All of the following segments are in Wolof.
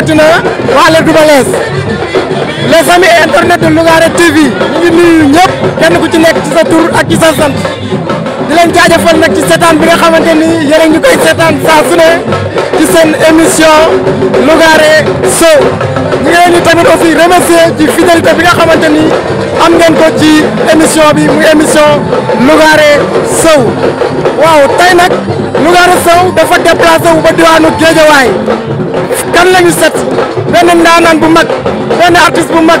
rawatina waa Leuz Double Less les amis internet de Lougaré ñu ngi nuyu ñëpp kenn ci nekk ci sa tur ak ci sa sant di leen jaajëfal nag ci seetaan bi nga xamante ni yéen ñu koy seetaan saa su ne ci seen émission Lougaré Show ñu ngi leen tamit aussi remercier ci fidélité bi nga xamante am ngeen ko ci émission bi muy émission Lougaré Sow waaw tey nag Lougaré Sow dafa déplacé wu ba diwaanu Géejawaay kan ñu set benn ndaanaan bu mag benn artiste bu mag.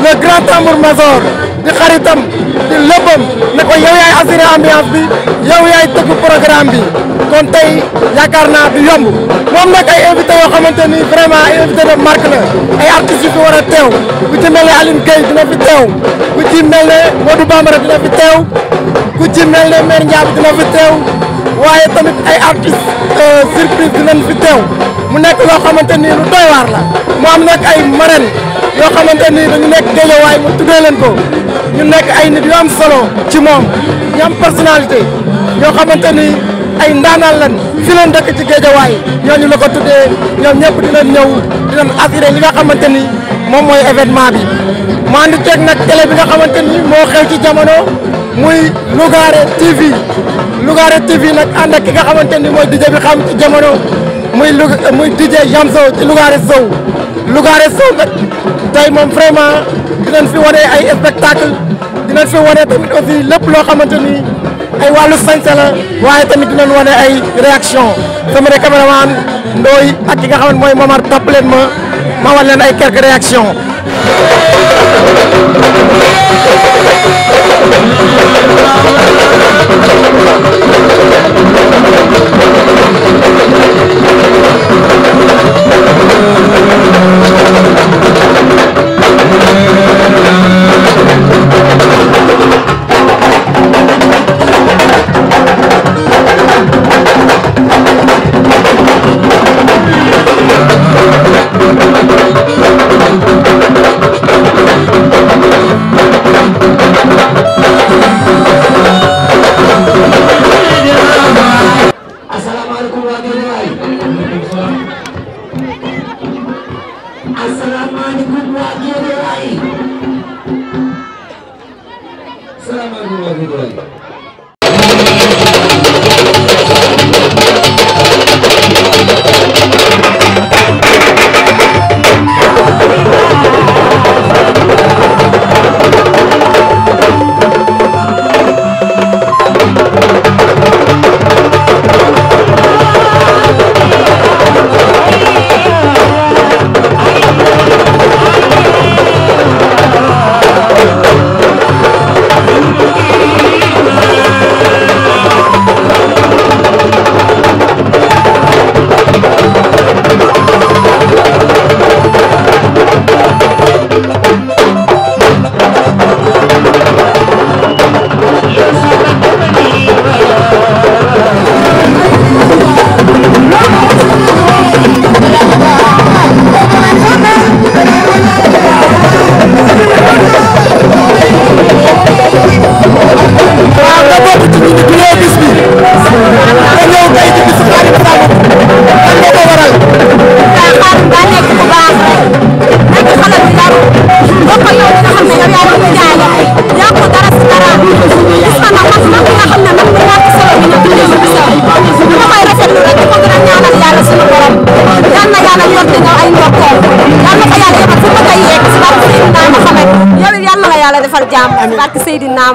le grand tambour major di xaritam di léppam ne ko yaay assuré bi yow yaay tëgg programme bi kon tey yaakaar naa du yomb moom nag ay invité yoo xamante ni vraiment ay invité de marque la ay artistes yu fi war a teew ku ci ne Aline Gueye dina fi teew ku ci ne Modou Bambara dina fi teew ku ci ne Mère Ndiaye dina fi teew waaye tamit ay artistes euh, surprise dinañ fi teew. mu nekk loo xamante ni lu doy waar la mu am nag ay marraines yoo xamante ni dañu nekk géejawaay mu tuddee leen ko ñu nekk ay nit yu am solo ci moom ñu am personnalité yoo xamante ni ay ndaanaan lan fi leen ci géejawaay ñooñu la ko tuddee ñoom ñëpp di leen ñëw di leen assuré li nga moom mooy événement bi. mu ànd ceeg nag télé bi nga xamante ni moo xew ci jamono muy Lougaré TV Lougaré TV nag ànd ak ki nga xamante ni mooy DJ bi xam ci jamono. muy Louga muy DJ Jam Sow ci Lougaré Sow Lougaré Sow nag tey moom vraiment dinañ fi wane ay spectacle dinañ fi wane tamit aussi lépp loo xamante ni ay wàllu sañse waaye tamit dinañ wane ay réaction sama de caméraman ndooy ak ki nga xam ne mooy Momar topp leen ma ma wan leen ay quelques réaction Thank you. salaamaaleykum waa Guédiawaye salaamaaleykum waa Guédiawaye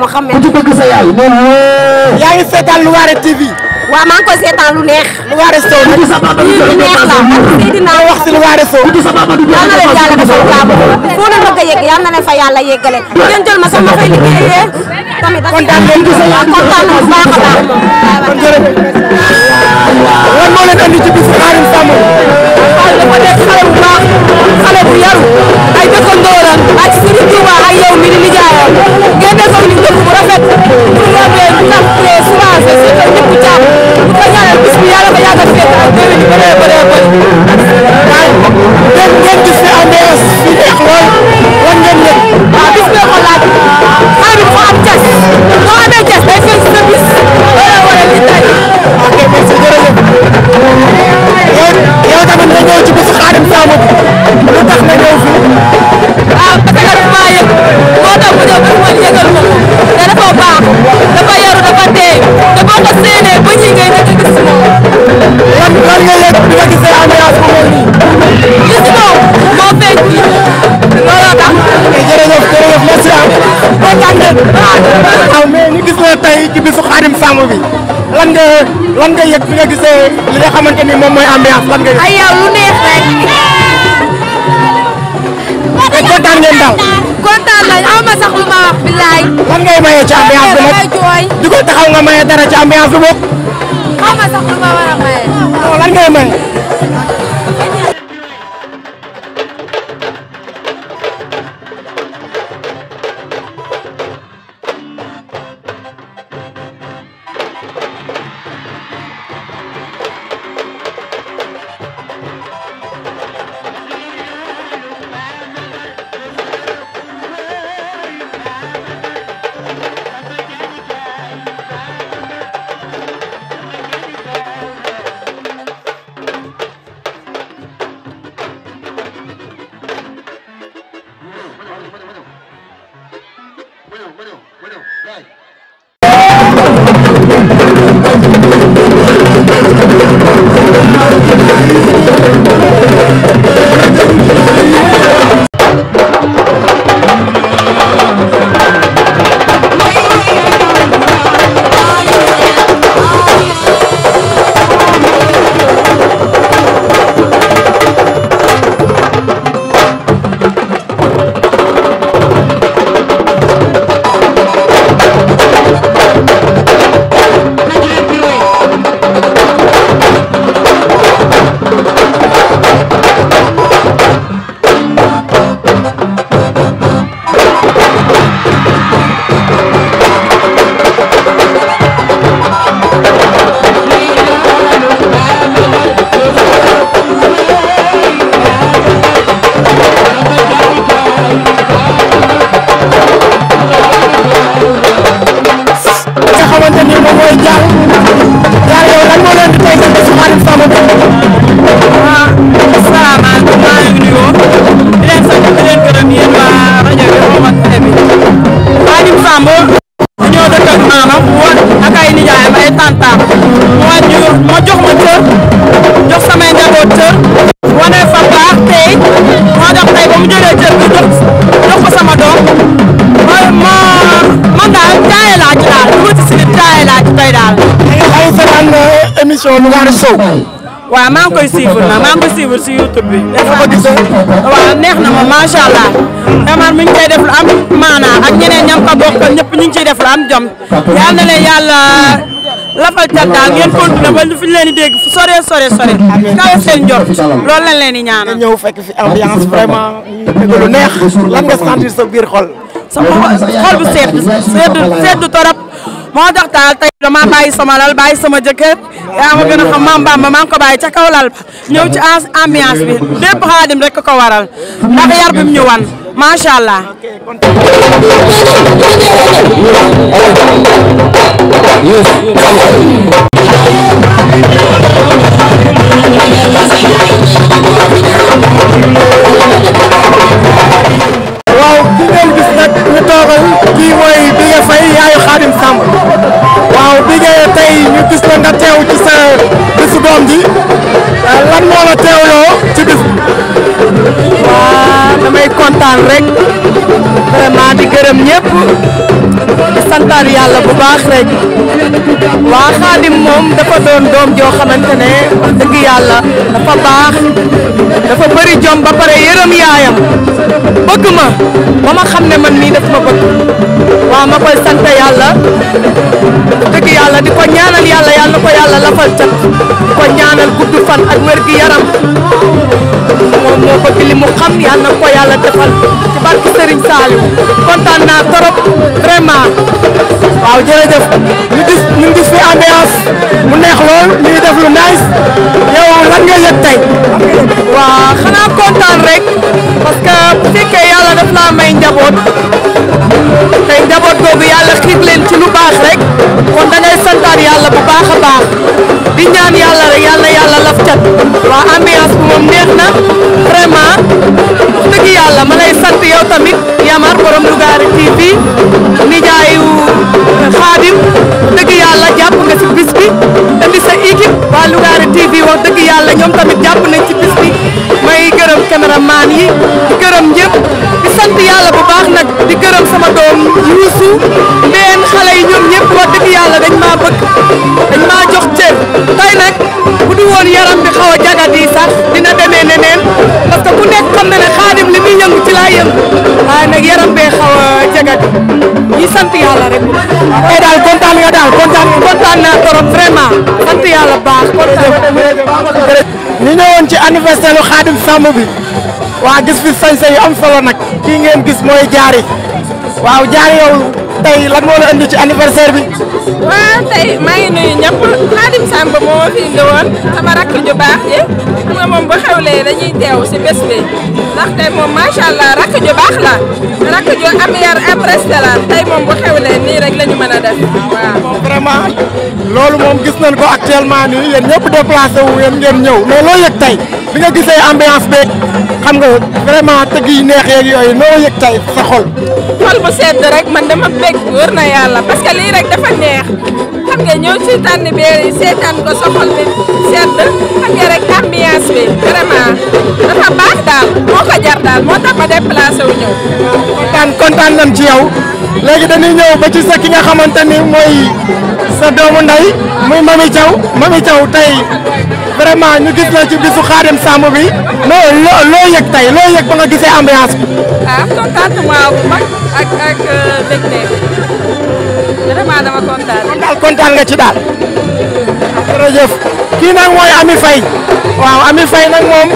Mouhamed ku ci bëgg sa yaay nee na. yaa ngi seetaan Lougaré TV. waaw maa ngi koy seetaan lu neex. Lougaré Sow nag lii lu neex la ak dinaa wax si Lougaré Sow. yal na leen yàlla defal laabu foo leen bëgg a yegg yal na leen fa yàlla yeggale. ngeen jël ma sax ma fay liggéeyee. tamit kontaan nañu ko waaw kontaan nañu bu baax a baax. kon jërëjëf. lan moo leen andi ci bis Karim Samb. waaw dafa nekk xale bu baax xale bu yaru. ay dëkkandoo la ak Serigne Touba ak yow mi di nijaayam ngeen defoon ni dëkk bu rafet bu rombee bu tàqee soulagé si ko ñëpp jàmm bu ko ñaanal bis bi yàlla ko yàggal fekk ak déwén yu bëree bëree bëri waaye ngeen gis fi ambiance fi neex lool wan ngeen leen waaw bis bee ko laaj xaaral ko am cas boo amee cas day fekk sa bis wala wala li tey ok merci jërëjëf moo tax man nga ñëw ci bésu Xaadim Samb lu tax nga ñëw fi. waaw ah, parce que dafa maa yëg moo tax mu ñëw pour ma yëgal ma ko te dafa baax dafa yaru dafa te boo ko séenee ba ñii ngay njëkk a gis lan nga yëg bi nga gisee li nga xamante ni moom mooy ambiance lan nga yëg. ay yow lu neex rek. ma sax lu ngay maye nga maye dara ci ambiance bi bokk. aw ma sax lu ma lay laaj tey daal. ay bi Waly Sow. waaw maa ngi koy suivre nag maa ngi koy si YouTube bi. waaw neex na ma macha allah. vraiment mi ngi koy def lu am maanaa ak ñeneen ñam ko bokkal ñëpp ñu ngi ciy def lu am jom. yal na leen yàlla lafal cat daal ngeen continué ba fi ñu leen di dégg fu soree soree soree. kawe seen njort loolu lañ leen di ñaanal. ñëw fekk fi ambiance vraiment ñu lan nga sentir sa biir xol. sa bu sedd sedd torop. moo tax daal tey dama bàyyi sama lal bàyyi sama jëkkër yaa ma gën a xam ko waral ndax yar bi mu ñu wan macha allah. kontaan rek vraiment di gërëm ñëpp di santaan yàlla bu baax rek waa Xaadim moom dafa doon doom joo xamante ne wax dëgg yàlla dafa baax dafa bëri jom ba pare yërëm yaayam bëgg ma ba ma xam ne man mii daf ma bëgg waaw ma koy sant yàlla di ko ñaanal yàlla yàlla na ko yàlla lafal cat di ko ñaanal gudd fan ak wér gi yaram bëgg moom moo bëgg li mu xam yal na ko yàlla defal ci barki Serigne Saliou kontaan naa trop vraiment. waaw jërëjëf ñu gis ñu gis mu neex lool ñu def lu nice yow lan nga tey. waaw xanaa kontaan rek parce que bu fekkee yàlla may njaboot te njaboot googu yàlla xiir leen ci lu baax rek kon da ngay santaat yàlla bu baax a baax cat waa ambiance bi moom neex na vraiment dëgg yàlla ma lay sant yow tamit Yamar borom Lougaré TV nijaayu Xaadim dëgg yàlla jàpp nga ci bis bi indi sa équipe waa Lougaré TV wax dëgg yàlla ñoom tamit jàpp nañ ci bis bi may gërëm caméraman yi di gërëm ñëpp di sant yàlla bu baax nag di gërëm sama doom Youssou Mbeen xale yi ñoom ñëpp wax dëgg yàlla dañ maa bëgg dañ maa tey nag bu du woon yaram bi xaw a jagat yi sax dina demee neneen parce que ku nekk xam na ne xaadim li muy yëngu ci laa yëngu waaye nag yaram bee xaw a jagat yi sant yàlla rek. waaw eh, tey daal kontaan nga daal kontaan kontaan naa trop vraiment sant yàlla baax kontaan ñu ñëwoon ci anniversaire lu xaadim sàmm bi waa gis fi sañse yu am solo nag kii ngeen gis mooy jaari waaw jaari yow. tey lan moo la andi ci anniversaire bi. waaw tey maa ngi nuyu ñëpp Xaadim Samb moo fi indi woon sama rakk ju baax ji moom bu xewlee dañuy teew si bés bi tey moom macha rakk ju baax la rakk ju am yar am reste la tey moom bu xewlee nii rek la ñu mën a def waaw. vraiment loolu moom gis nan ko actuellement nii yéen ñëpp déplacé wu yéen ngeen ñëw mais loo yëg tey. bi nga gisee ambiance beeg xam nga vraiment tëgg yi neex yeeg yooyu noo yëg tey sa xol. xol bu sedd rek man dama bég wër na yàlla parce que lii rek dafa neex xam nga ñëw ci bi seetaan ko sa xol bi sedd xam nga rek ambiance bi vraiment dafa baax daal moo ko jar daal moo tax ma déplacé wu ñëw. kontaan kontaan nañ ci yow léegi dañuy ñëw ba ci sa nga xamante ni mooy. sa doomu ndey muy Mamy Thiaw Mamy Thiaw tey vraiment ñu gis la ci bisu Xaadim Samb bi mais loo loo yëg tey loo yëg ba nga gisee ambiance bi. Ah, euh, vraiment dama kontaan. nga ci daal. jërëjëf kii nag mooy Ami Faye waaw Ami Faye nag moom.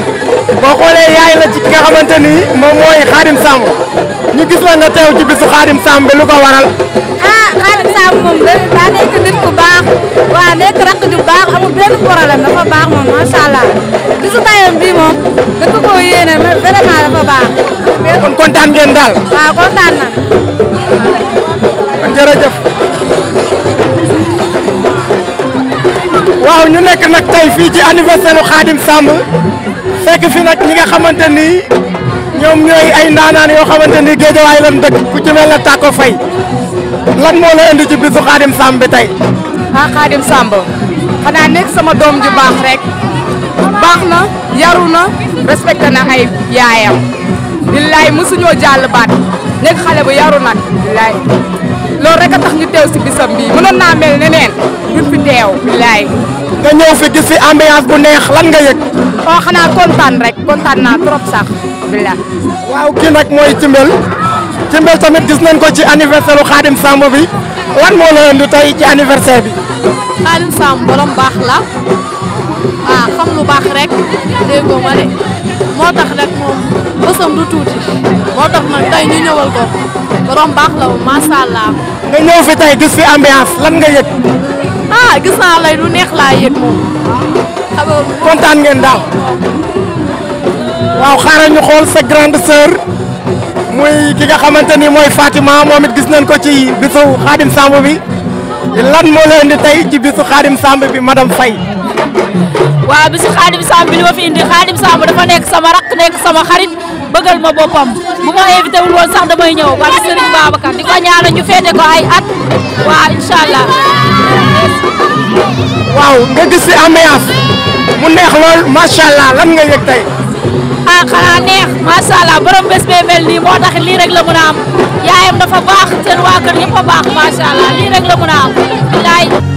boo xoolee yaay la ci ki xamante ni moom mooy Xaadim Samb ñu gis la nga teew ci bisu Xaadim Samb bi lu ko waral. Xaadim ah, Samb moom da daa nekk nit ku baax waa nekk rakk ju baax amul benn problème dafa baax moom macha allah bisu tayam bii moom da ko koo yéene vraiment dafa baax. Ah, kon kontaan ngeen daal. waaw kontaan na. waaw ñu nekk nag tey fii ci anniversaire Xaadim Samb. fekk fi nag ñi nga xamante ni ñoom ñooy ay ndaanaan yoo xamante ni géejawaay lan dëkk ku ci mel na Tako Faye moo la indi ci bisu Xaadim bi tey. ah Xaadim Samb xanaa nekk sama doom ju baax baax na yaru na respecté na ay yaayam. billaay mosuñoo jàll baat nekk xale bu yaru nag billaay loolu rek a tax ñu teew si bisam bii mënoon naa mel neneen ñu fi teew billaay. nga ñëw fi gis fi ambiance bu neex lan nga yëg. waaw oh, xanaa kontaan rek kontaan naa trop sax bilaa. waaw kii nag mooy Timbel Timbel tamit gis nañ ko ci anniversaire lu Samb bi lan moo la indi tey ci anniversaire bi. Khadim Samb borom baax la ah xam lu baax rek déggoo ma de moo tax rek moom bësam du tuuti moo tax nag tey ñu ñëwal ko borom baax la wu macha allah. nga ñëw fi tey gis fi ambiance lan nga yëg. ah gis naa lay lu neex laa yëg moom. kontaan ngeen daal waaw xaaral ñu xool sa grande sœur muy ki nga xamante ni mooy Fatima moom it gis nañ ko ci bisu Xaadim Samb bi lan moo la indi tey ci bisu Xaadim Samb bi madame Faye. waaw bisu Xaadim Samb bi li ma fi indi Xaadim Samb dafa nekk sama rakk nekk sama xarit bëggal ma boppam bu ma invité wul woon sax damay ñëw parce que Serigne Babacar di ko ñaanal ñu féete ko ay at waaw incha waaw nga gis si neex lol ma sha Allah lan ngay yek tay ah xana neex ma sha Allah borom bes be mel ni motax li rek la mu na am yaayam dafa bax seen waakar ñepp bax ma sha Allah li rek la mu na am lay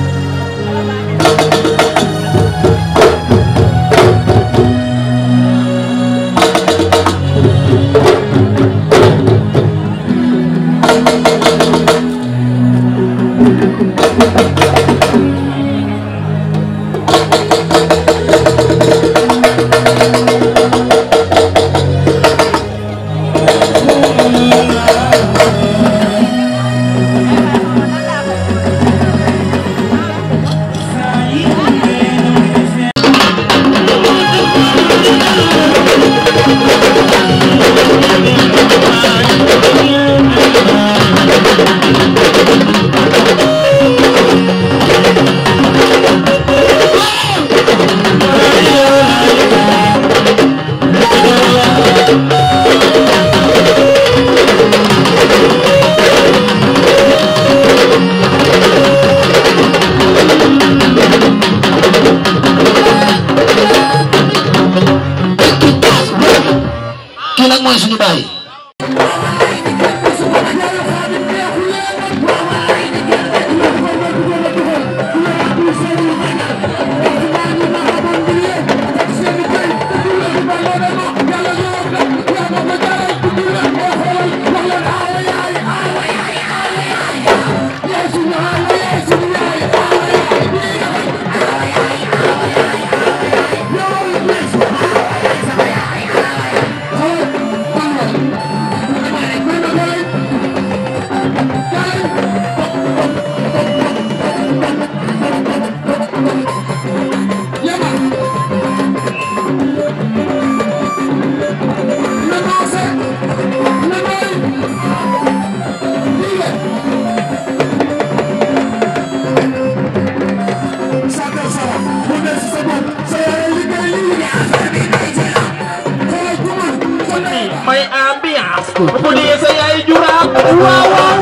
bu dee sa yaay juraat waaw waaw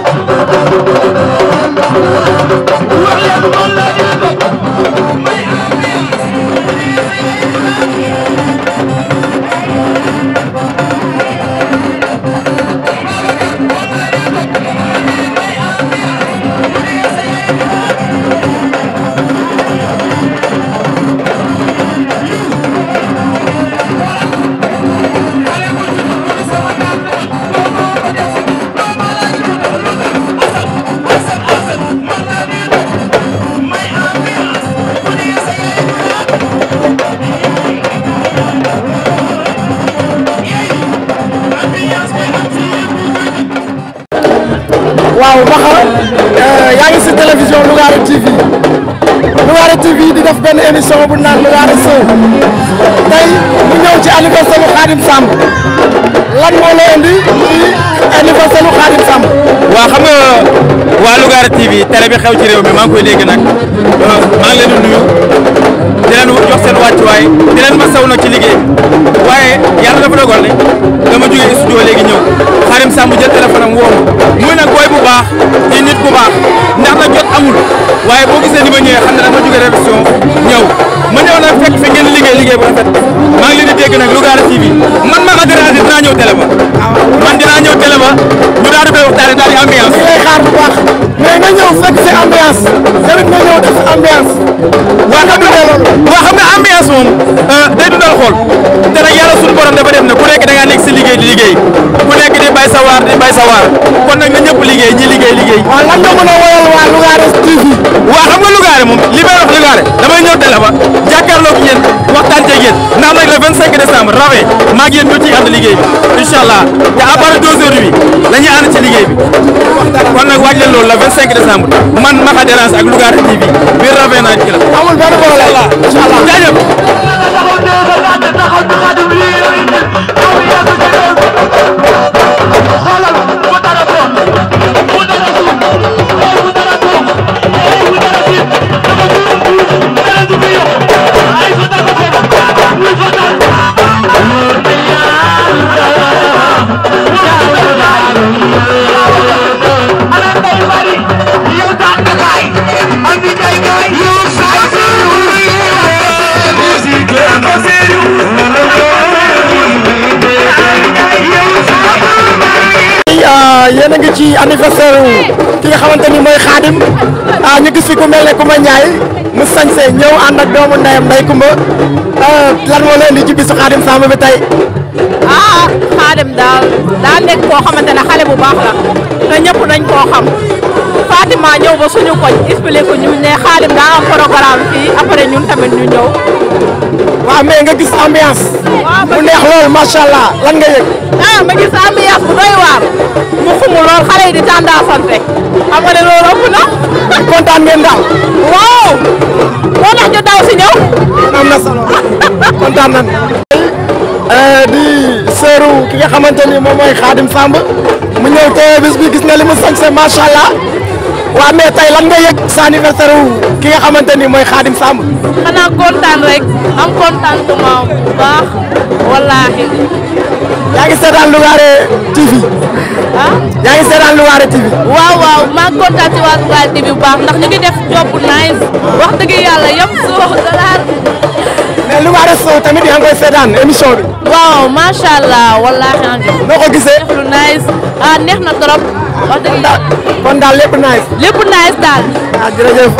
baxa euh, yaa ngi si télévision Lougaré TV Lougaré TV di def benn émission bu naan Lougaré Show tey mu ñëw ci anniversaire lu Khadim Samb moo la indi ci anniversaire lu Khadim xam waa Lougaré TV télé bi xew ci réew mi maa koy dégg nag euh, maa leen di leen jox seen wàccuwaay di leen ma saw na ci liggéey waaye yàlla dafa dogal ne dama jógee studio léegi ñëw xarim Samb jël téléphone am woo ma muy nag booy bu baax di nit bu baax ndax na jot amul waaye boo gisee ni ma ñëwee xam ne dama jógee révision ñëw ma ñëw nag fekk fi ngeen liggéey liggéey bu rafet maa ngi leen di dégg nag Lougaré TV man maa ko déranger dinaa ñëw Téléma man dinaa ñëw Téléma ñu daal di koy waxtaanee di ambiance. ñu lay xaar bu nga ñëw fekk si ambiance tamit nga ñëw def ambiance. waa xam nga waa xam nga ambiance moom euh, day dundal xool te nag yàlla suñu borom dafa def ne ku nekk da nga liggéey di liggéey ku nekk di bay sa waar di bay sa waar kon nag na ñëpp liggéey ñi liggéey liggéey. waaw lan nga mën a woyal waa Lougaré TV. waaw xam nga Lougaré moom li may wax Lougaré damay ñëw dale ba jàkkaarloog yéen waxtaan ceeg yéen ndax nag le 25 décembre rawee maa ngi yéen ñoo ciy ànd liggéey bi incha allah te à part deux heures bi la ñuy ànd ci liggéey bi kon nag waaj leen loolu le 25 décembre man Maxa Dérange ak Lougaré TV biir rawee naa ci la. amul benn problème incha allah jaajëf. anniversaire ki nga xamante ni mooy xaadim ah ñu gis fi ku mel ne Kumba Ndiaye mu sañse ñëw ànd ak doomu ndeyam nday Kumba ah, lan moo la indi ci bisu xaadim Samb bi tey. ah xaadim daal daal nekk koo xamante xale bu baax la te ñëpp dañ koo xam Fatima ñëw ba suñu koñ expliqué ñu ne xaadim daa am programme fii après ñun tamit ñu ñëw. waaw mais nga gis ambiance. mu neex lool macha allah lan nga yëg. ah ma gis ambiance bu doy waar. waxuma lool xale di tàndaasante xam nga ne loolu ëpp na. kontaan ngeen daal. waaw. moo tax ñu daw si ñëw. am na solo di seru, ki nga xamante ni moom Khadim Samb mu ñëw teewe bis bi gis na li mu sañse macha allah waa mais tey lan nga yëg sa anniversaire ki nga xamante ni Khadim Samb. xanaa kontaan rek am kontaan bu baax wallaahi. yaa ngi seetaan Lougaré TV. Ah? waaw waaw maa ngi waa Lougaré TV baax ndax ñu ngi def job bu nice wax dëgg yàlla yem suuf dalaar. mais Lougaré Sow tamit yaa ngi koy bi. waaw macha allah wallaahi andi. noo ko gisee neex lu nice ah neex na trop. wax dëgg yàlla daal lépp nice. lépp nice daal. ah jërëjëf.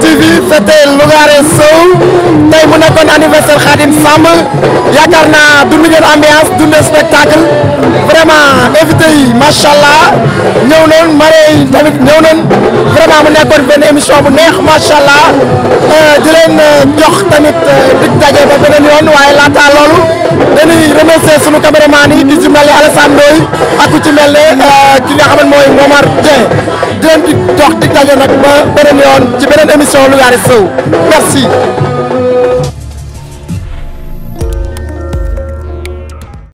TV Fete Lugares som. tey mu nekkoon anniversaire Khadim Samb yaakaar naa dund ngeen ambiance spectacle vraiment invité yi macha allah ñëw tamit ñëw nañ vraiment mu nekkoon benn émission bu neex macha allah euh, di leen euh, jox tamit euh, dig daje ba beneen yoon waaye laata loolu dañuy remercier sunu caméraman yi di ci mel ne Alassane Ndoye ki nga xam mooy Momar Dieng di leen jox dig nag ba beneen yoon ci beneen émission Lougaré Show merci.